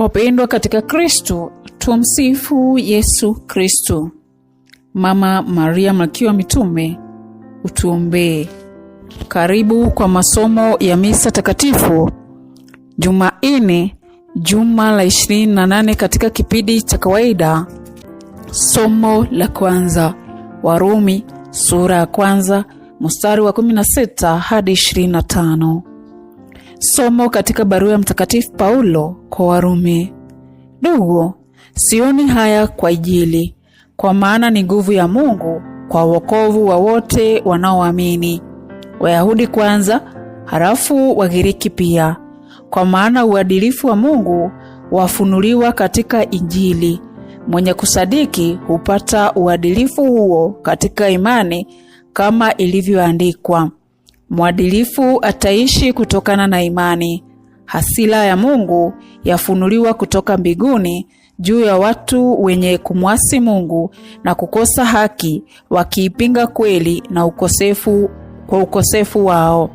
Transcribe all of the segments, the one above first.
Wapendwa katika Kristo, tumsifu Yesu Kristo. Mama Maria makiwa mitume utuombee. Karibu kwa masomo ya misa takatifu Jumanne, juma la 28 katika kipindi cha kawaida. Somo la kwanza, Warumi sura ya kwanza mstari wa 16 hadi 25. Somo katika barua ya Mtakatifu Paulo kwa Warumi. Ndugu, sioni haya kwa ajili, kwa maana ni nguvu ya Mungu kwa wokovu wa wote wanaoamini, Wayahudi kwanza, halafu Wagiriki pia, kwa maana uadilifu wa Mungu wafunuliwa katika Injili. Mwenye kusadiki hupata uadilifu huo katika imani, kama ilivyoandikwa Mwadilifu ataishi kutokana na imani. hasila ya Mungu yafunuliwa kutoka mbinguni juu ya watu wenye kumwasi Mungu na kukosa haki, wakiipinga kweli na ukosefu kwa ukosefu wao.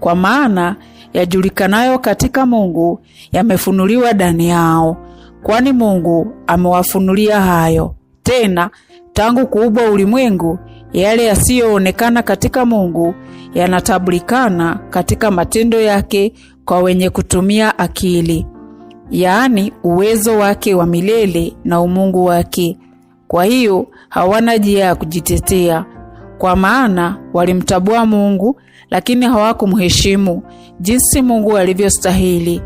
Kwa maana yajulikanayo katika Mungu yamefunuliwa ndani yao, kwani Mungu amewafunulia hayo. Tena tangu kuubwa ulimwengu yale yasiyoonekana katika Mungu yanatambulikana katika matendo yake kwa wenye kutumia akili, yaani uwezo wake wa milele na umungu wake. Kwa hiyo hawana njia ya kujitetea, kwa maana walimtabua Mungu lakini hawakumheshimu jinsi Mungu alivyostahili,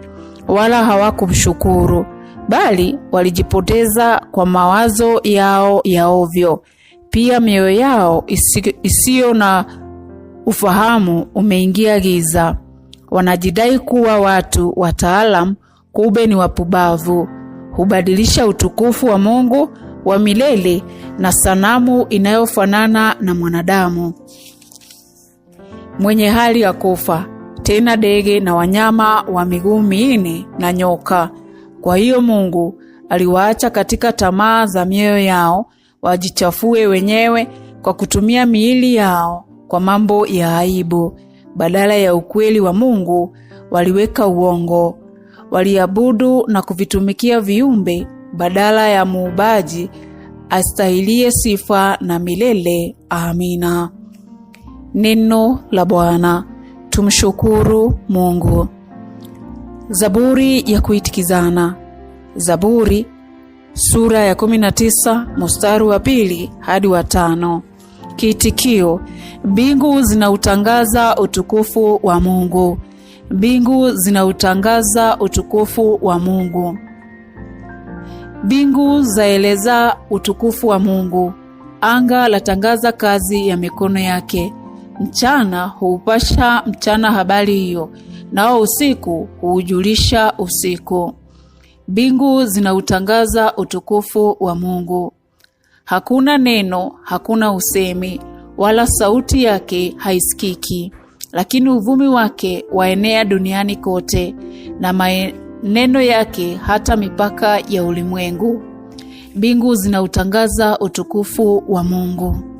wala hawakumshukuru, bali walijipoteza kwa mawazo yao ya ovyo pia mioyo yao isiyo na ufahamu umeingia giza. Wanajidai kuwa watu wataalam, kube ni wapubavu Hubadilisha utukufu wa Mungu wa milele na sanamu inayofanana na mwanadamu mwenye hali ya kufa, tena dege na wanyama wa miguu miini na nyoka. Kwa hiyo Mungu aliwaacha katika tamaa za mioyo yao wajichafue wenyewe kwa kutumia miili yao kwa mambo ya aibu. Badala ya ukweli wa Mungu waliweka uongo, waliabudu na kuvitumikia viumbe badala ya muubaji astahilie sifa na milele. Amina. Neno la Bwana. Tumshukuru Mungu. Zaburi ya kuitikizana. Zaburi sura ya 19 mstari wa pili hadi wa tano. Kiitikio: mbingu zinautangaza utukufu wa Mungu. Mbingu zinautangaza utukufu wa Mungu. Mbingu zaeleza utukufu wa Mungu. Anga latangaza kazi ya mikono yake. Mchana huupasha mchana habari hiyo, nao usiku huujulisha usiku. Mbingu zinautangaza utukufu wa Mungu. Hakuna neno, hakuna usemi, wala sauti yake haisikiki, lakini uvumi wake waenea duniani kote, na maneno yake hata mipaka ya ulimwengu. Mbingu zinautangaza utukufu wa Mungu.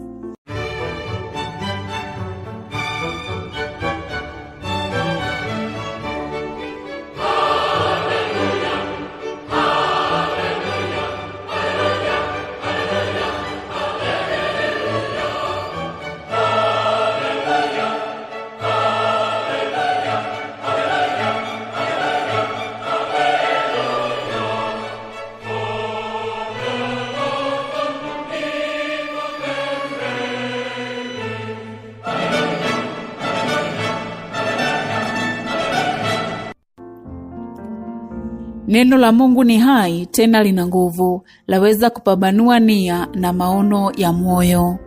Neno la Mungu ni hai tena lina nguvu, laweza kupambanua nia na maono ya moyo.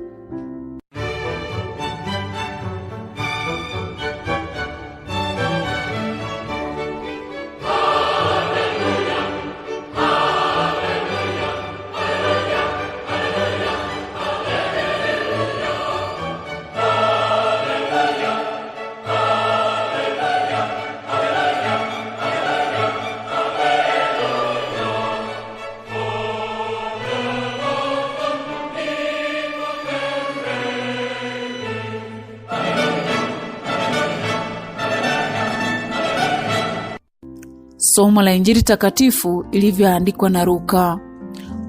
Somo la Injili takatifu ilivyoandikwa na Luka.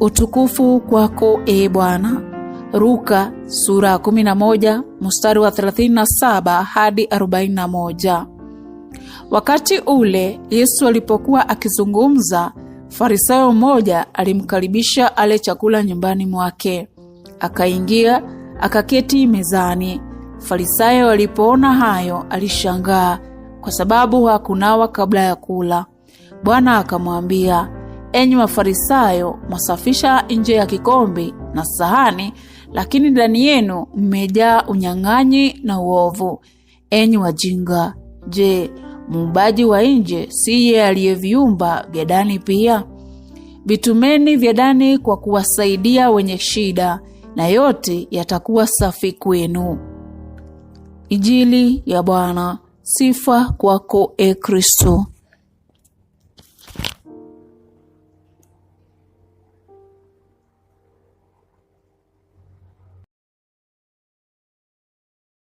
Utukufu kwako e Bwana. Luka sura ya 11 mstari wa 37 hadi 41. Wakati ule Yesu alipokuwa akizungumza, Farisayo mmoja alimkaribisha ale chakula nyumbani mwake. Akaingia akaketi mezani. Farisayo alipoona hayo alishangaa, kwa sababu hakunawa kabla ya kula. Bwana akamwambia, enyi Mafarisayo, mwasafisha nje ya kikombe na sahani, lakini ndani yenu mmejaa unyang'anyi na uovu. Enyi wajinga, je, muumbaji wa nje si yeye aliyeviumba vya ndani pia? Vitumeni vya ndani kwa kuwasaidia wenye shida, na yote yatakuwa safi kwenu. Ijili ya Bwana. Sifa kwako, e Kristo.